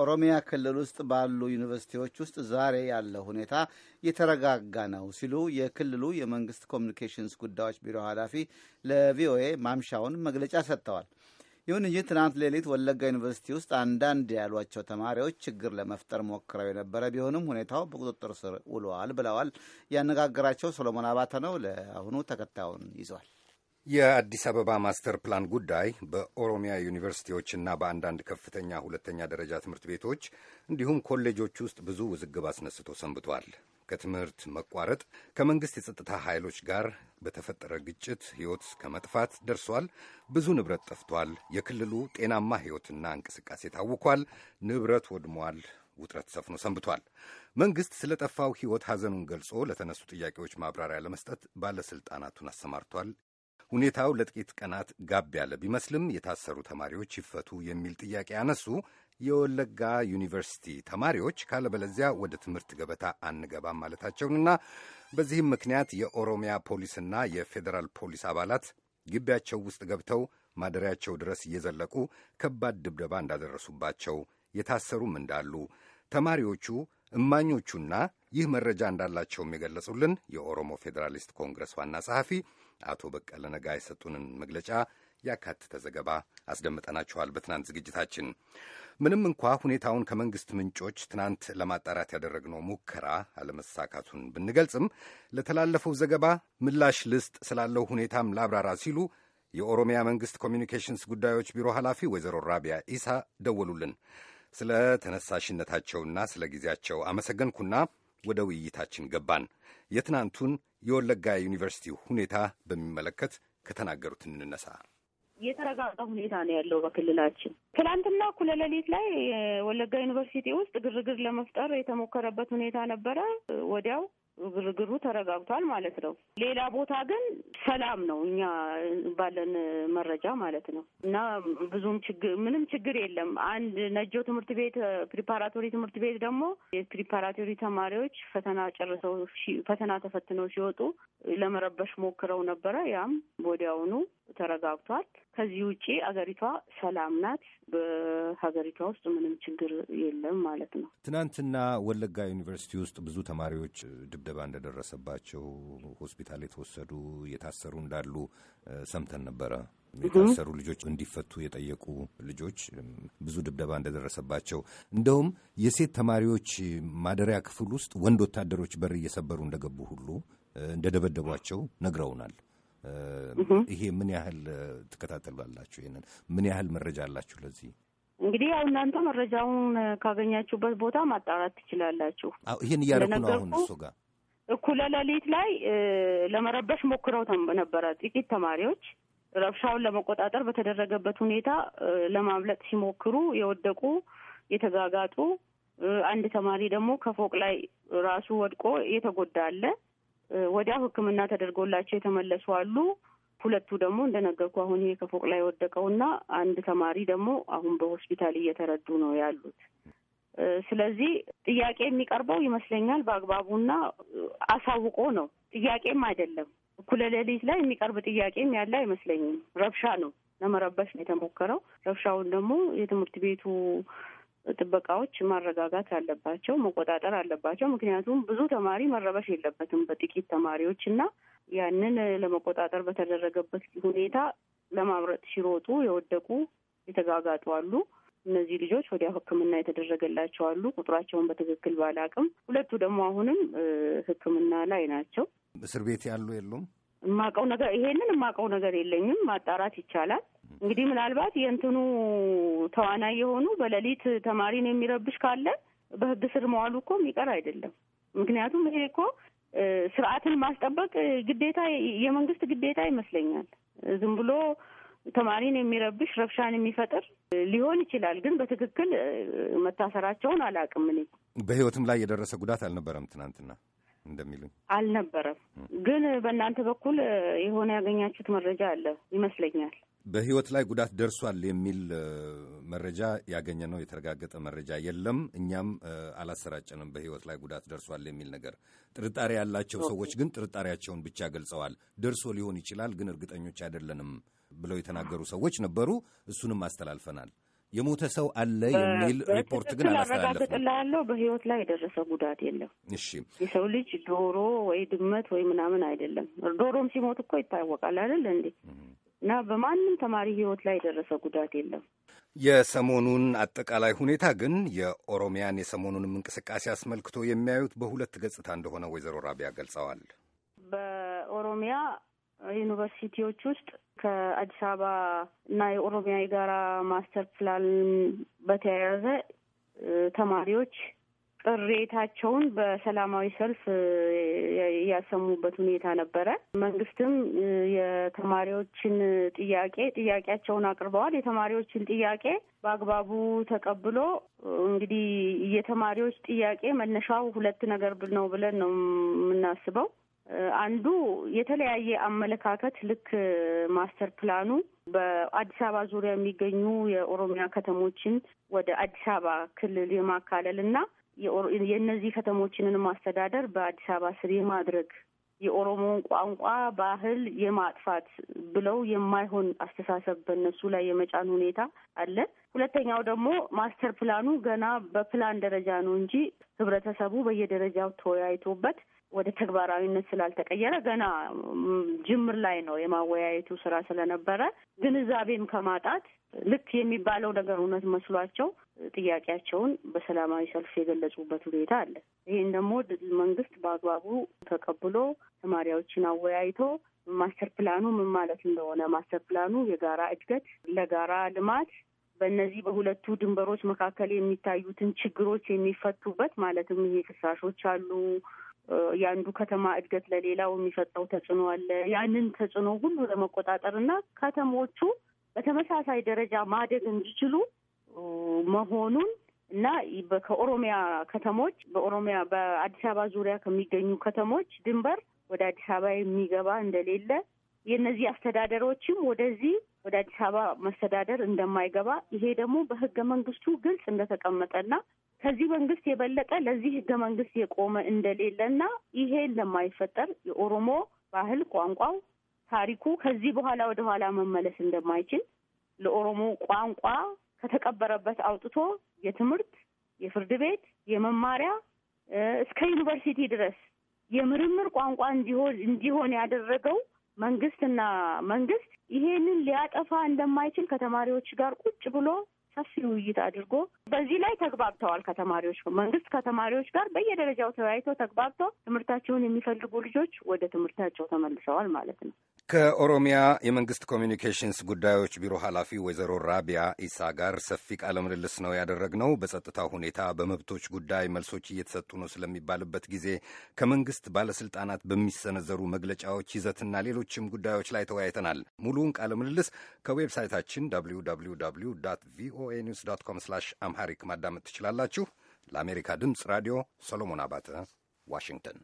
ኦሮሚያ ክልል ውስጥ ባሉ ዩኒቨርሲቲዎች ውስጥ ዛሬ ያለው ሁኔታ የተረጋጋ ነው ሲሉ የክልሉ የመንግስት ኮሚኒኬሽንስ ጉዳዮች ቢሮ ኃላፊ ለቪኦኤ ማምሻውን መግለጫ ሰጥተዋል። ይሁን እንጂ ትናንት ሌሊት ወለጋ ዩኒቨርሲቲ ውስጥ አንዳንድ ያሏቸው ተማሪዎች ችግር ለመፍጠር ሞክረው የነበረ ቢሆንም ሁኔታው በቁጥጥር ስር ውሏል ብለዋል። ያነጋገራቸው ሶሎሞን አባተ ነው። ለአሁኑ ተከታዩን ይዟል። የአዲስ አበባ ማስተር ፕላን ጉዳይ በኦሮሚያ ዩኒቨርሲቲዎችና በአንዳንድ ከፍተኛ ሁለተኛ ደረጃ ትምህርት ቤቶች እንዲሁም ኮሌጆች ውስጥ ብዙ ውዝግብ አስነስቶ ሰንብቷል። ከትምህርት መቋረጥ ከመንግሥት የጸጥታ ኃይሎች ጋር በተፈጠረ ግጭት ሕይወት ከመጥፋት ደርሷል። ብዙ ንብረት ጠፍቷል። የክልሉ ጤናማ ሕይወትና እንቅስቃሴ ታውኳል። ንብረት ወድሟል። ውጥረት ሰፍኖ ሰንብቷል። መንግሥት ስለ ጠፋው ሕይወት ሐዘኑን ገልጾ ለተነሱ ጥያቄዎች ማብራሪያ ለመስጠት ባለሥልጣናቱን አሰማርቷል። ሁኔታው ለጥቂት ቀናት ጋብ ያለ ቢመስልም የታሰሩ ተማሪዎች ይፈቱ የሚል ጥያቄ ያነሱ የወለጋ ዩኒቨርሲቲ ተማሪዎች ካለበለዚያ ወደ ትምህርት ገበታ አንገባም ማለታቸውንና በዚህም ምክንያት የኦሮሚያ ፖሊስና የፌዴራል ፖሊስ አባላት ግቢያቸው ውስጥ ገብተው ማደሪያቸው ድረስ እየዘለቁ ከባድ ድብደባ እንዳደረሱባቸው የታሰሩም እንዳሉ ተማሪዎቹ እማኞቹና ይህ መረጃ እንዳላቸውም የገለጹልን የኦሮሞ ፌዴራሊስት ኮንግረስ ዋና ጸሐፊ አቶ በቀለ ነጋ የሰጡንን መግለጫ ያካተተ ዘገባ አስደምጠናችኋል በትናንት ዝግጅታችን። ምንም እንኳ ሁኔታውን ከመንግሥት ምንጮች ትናንት ለማጣራት ያደረግነው ሙከራ አለመሳካቱን ብንገልጽም ለተላለፈው ዘገባ ምላሽ ልስጥ ስላለው ሁኔታም ላብራራ ሲሉ የኦሮሚያ መንግሥት ኮሚኒኬሽንስ ጉዳዮች ቢሮ ኃላፊ ወይዘሮ ራቢያ ኢሳ ደወሉልን። ስለ ተነሳሽነታቸውና ስለ ጊዜያቸው አመሰገንኩና ወደ ውይይታችን ገባን። የትናንቱን የወለጋ ዩኒቨርሲቲ ሁኔታ በሚመለከት ከተናገሩት እንነሳ። የተረጋጋ ሁኔታ ነው ያለው በክልላችን። ትናንትና እኩለ ሌሊት ላይ ወለጋ ዩኒቨርሲቲ ውስጥ ግርግር ለመፍጠር የተሞከረበት ሁኔታ ነበረ። ወዲያው ግርግሩ ተረጋግቷል ማለት ነው። ሌላ ቦታ ግን ሰላም ነው፣ እኛ ባለን መረጃ ማለት ነው። እና ብዙም ችግር ምንም ችግር የለም። አንድ ነጆ ትምህርት ቤት ፕሪፓራቶሪ ትምህርት ቤት ደግሞ የፕሪፓራቶሪ ተማሪዎች ፈተና ጨርሰው ፈተና ተፈትነው ሲወጡ ለመረበሽ ሞክረው ነበረ። ያም ወዲያውኑ ተረጋግቷል። ከዚህ ውጪ አገሪቷ ሰላም ናት። በሀገሪቷ ውስጥ ምንም ችግር የለም ማለት ነው። ትናንትና ወለጋ ዩኒቨርሲቲ ውስጥ ብዙ ተማሪዎች ድብደባ እንደደረሰባቸው ሆስፒታል የተወሰዱ የታሰሩ እንዳሉ ሰምተን ነበረ። የታሰሩ ልጆች እንዲፈቱ የጠየቁ ልጆች ብዙ ድብደባ እንደደረሰባቸው እንደውም የሴት ተማሪዎች ማደሪያ ክፍል ውስጥ ወንድ ወታደሮች በር እየሰበሩ እንደገቡ ሁሉ እንደደበደቧቸው ነግረውናል። ይሄ ምን ያህል ትከታተላላችሁ? ይሄንን ምን ያህል መረጃ አላችሁ? ለዚህ እንግዲህ ያው እናንተ መረጃውን ካገኛችሁበት ቦታ ማጣራት ትችላላችሁ። ይህን እያደረኩ ነው አሁን እሱ ጋር እኩለ ሌሊት ላይ ለመረበሽ ሞክረው ነበረ ጥቂት ተማሪዎች ረብሻውን ለመቆጣጠር በተደረገበት ሁኔታ ለማምለጥ ሲሞክሩ የወደቁ የተጋጋጡ፣ አንድ ተማሪ ደግሞ ከፎቅ ላይ ራሱ ወድቆ የተጎዳ አለ። ወዲያው ሕክምና ተደርጎላቸው የተመለሱ አሉ። ሁለቱ ደግሞ እንደነገርኩ አሁን ይሄ ከፎቅ ላይ ና አንድ ተማሪ ደግሞ አሁን በሆስፒታል እየተረዱ ነው ያሉት። ስለዚህ ጥያቄ የሚቀርበው ይመስለኛል በአግባቡና አሳውቆ ነው። ጥያቄም አይደለም እኩለ ሌሊት ላይ የሚቀርብ ጥያቄም ያለ አይመስለኝም። ረብሻ ነው፣ ለመረበሽ ነው የተሞከረው። ረብሻውን ደግሞ የትምህርት ቤቱ ጥበቃዎች ማረጋጋት አለባቸው፣ መቆጣጠር አለባቸው። ምክንያቱም ብዙ ተማሪ መረበሽ የለበትም በጥቂት ተማሪዎች እና ያንን ለመቆጣጠር በተደረገበት ሁኔታ ለማምረጥ ሲሮጡ የወደቁ የተጋጋጡ አሉ። እነዚህ ልጆች ወዲያው ሕክምና የተደረገላቸው አሉ። ቁጥራቸውን በትክክል ባላቅም፣ ሁለቱ ደግሞ አሁንም ሕክምና ላይ ናቸው። እስር ቤት ያሉ የሉም። የማውቀው ነገር ይሄንን የማውቀው ነገር የለኝም። ማጣራት ይቻላል። እንግዲህ ምናልባት የእንትኑ ተዋናይ የሆኑ በሌሊት ተማሪን የሚረብሽ ካለ በህግ ስር መዋሉ እኮ የሚቀር አይደለም። ምክንያቱም ይሄ እኮ ስርዓትን ማስጠበቅ ግዴታ የመንግስት ግዴታ ይመስለኛል። ዝም ብሎ ተማሪን የሚረብሽ ረብሻን የሚፈጥር ሊሆን ይችላል፣ ግን በትክክል መታሰራቸውን አላውቅም። እኔ በህይወትም ላይ የደረሰ ጉዳት አልነበረም ትናንትና እንደሚሉኝ አልነበረም። ግን በእናንተ በኩል የሆነ ያገኛችሁት መረጃ አለ ይመስለኛል። በህይወት ላይ ጉዳት ደርሷል የሚል መረጃ ያገኘ ነው የተረጋገጠ መረጃ የለም። እኛም አላሰራጨንም። በህይወት ላይ ጉዳት ደርሷል የሚል ነገር ጥርጣሬ ያላቸው ሰዎች ግን ጥርጣሬያቸውን ብቻ ገልጸዋል። ደርሶ ሊሆን ይችላል ግን እርግጠኞች አይደለንም ብለው የተናገሩ ሰዎች ነበሩ። እሱንም አስተላልፈናል። የሞተ ሰው አለ የሚል ሪፖርት ግን አላስተላለፍም። በህይወት ላይ የደረሰ ጉዳት የለም። እሺ የሰው ልጅ ዶሮ ወይ ድመት ወይ ምናምን አይደለም። ዶሮም ሲሞት እኮ ይታወቃል አይደል እንዴ? እና በማንም ተማሪ ህይወት ላይ የደረሰ ጉዳት የለም። የሰሞኑን አጠቃላይ ሁኔታ ግን የኦሮሚያን የሰሞኑንም እንቅስቃሴ አስመልክቶ የሚያዩት በሁለት ገጽታ እንደሆነ ወይዘሮ ራቢያ ገልጸዋል። በኦሮሚያ ዩኒቨርሲቲዎች ውስጥ ከአዲስ አበባ እና የኦሮሚያ የጋራ ማስተር ፕላን በተያያዘ ተማሪዎች ቅሬታቸውን በሰላማዊ ሰልፍ ያሰሙበት ሁኔታ ነበረ። መንግስትም የተማሪዎችን ጥያቄ ጥያቄያቸውን አቅርበዋል። የተማሪዎችን ጥያቄ በአግባቡ ተቀብሎ እንግዲህ የተማሪዎች ጥያቄ መነሻው ሁለት ነገር ነው ብለን ነው የምናስበው። አንዱ የተለያየ አመለካከት ልክ ማስተር ፕላኑ በአዲስ አበባ ዙሪያ የሚገኙ የኦሮሚያ ከተሞችን ወደ አዲስ አበባ ክልል የማካለል እና የእነዚህ ከተሞችንን ማስተዳደር በአዲስ አበባ ስር የማድረግ የኦሮሞን ቋንቋ ባህል የማጥፋት ብለው የማይሆን አስተሳሰብ በእነሱ ላይ የመጫን ሁኔታ አለ። ሁለተኛው ደግሞ ማስተር ፕላኑ ገና በፕላን ደረጃ ነው እንጂ ህብረተሰቡ በየደረጃው ተወያይቶበት ወደ ተግባራዊነት ስላልተቀየረ ገና ጅምር ላይ ነው የማወያየቱ ስራ ስለነበረ ግንዛቤም ከማጣት ልክ የሚባለው ነገር እውነት መስሏቸው ጥያቄያቸውን በሰላማዊ ሰልፍ የገለጹበት ሁኔታ አለ። ይህን ደግሞ መንግስት በአግባቡ ተቀብሎ ተማሪዎችን አወያይቶ ማስተር ፕላኑ ምን ማለት እንደሆነ ማስተር ፕላኑ የጋራ እድገት ለጋራ ልማት በእነዚህ በሁለቱ ድንበሮች መካከል የሚታዩትን ችግሮች የሚፈቱበት ማለትም ይሄ ፍሳሾች አሉ። የአንዱ ከተማ እድገት ለሌላው የሚፈጠው ተጽዕኖ አለ። ያንን ተጽዕኖ ሁሉ ለመቆጣጠር እና ከተሞቹ በተመሳሳይ ደረጃ ማደግ እንዲችሉ መሆኑን እና ከኦሮሚያ ከተሞች በኦሮሚያ በአዲስ አበባ ዙሪያ ከሚገኙ ከተሞች ድንበር ወደ አዲስ አበባ የሚገባ እንደሌለ የእነዚህ አስተዳደሮችም ወደዚህ ወደ አዲስ አበባ መስተዳደር እንደማይገባ ይሄ ደግሞ በህገ መንግስቱ ግልጽ እንደተቀመጠና ከዚህ መንግስት የበለጠ ለዚህ ህገ መንግስት የቆመ እንደሌለና ይሄ እንደማይፈጠር የኦሮሞ ባህል፣ ቋንቋው፣ ታሪኩ ከዚህ በኋላ ወደኋላ መመለስ እንደማይችል ለኦሮሞ ቋንቋ ከተቀበረበት አውጥቶ የትምህርት የፍርድ ቤት የመማሪያ እስከ ዩኒቨርሲቲ ድረስ የምርምር ቋንቋ እንዲሆን እንዲሆን ያደረገው መንግስትና መንግስት ይሄንን ሊያጠፋ እንደማይችል ከተማሪዎች ጋር ቁጭ ብሎ ሰፊ ውይይት አድርጎ በዚህ ላይ ተግባብተዋል። ከተማሪዎች መንግስት ከተማሪዎች ጋር በየደረጃው ተወያይቶ ተግባብተው ትምህርታቸውን የሚፈልጉ ልጆች ወደ ትምህርታቸው ተመልሰዋል ማለት ነው። ከኦሮሚያ የመንግስት ኮሚኒኬሽንስ ጉዳዮች ቢሮ ኃላፊ ወይዘሮ ራቢያ ኢሳ ጋር ሰፊ ቃለ ምልልስ ነው ያደረግነው። በጸጥታ ሁኔታ፣ በመብቶች ጉዳይ መልሶች እየተሰጡ ነው ስለሚባልበት ጊዜ ከመንግስት ባለስልጣናት በሚሰነዘሩ መግለጫዎች ይዘትና ሌሎችም ጉዳዮች ላይ ተወያይተናል። ሙሉውን ቃለ ምልልስ ከዌብሳይታችን www ቪኦኤ ኒውስ ዶት ኮም ስላሽ አምሃሪክ ማዳመጥ ትችላላችሁ። ለአሜሪካ ድምፅ ራዲዮ ሰሎሞን አባተ ዋሽንግተን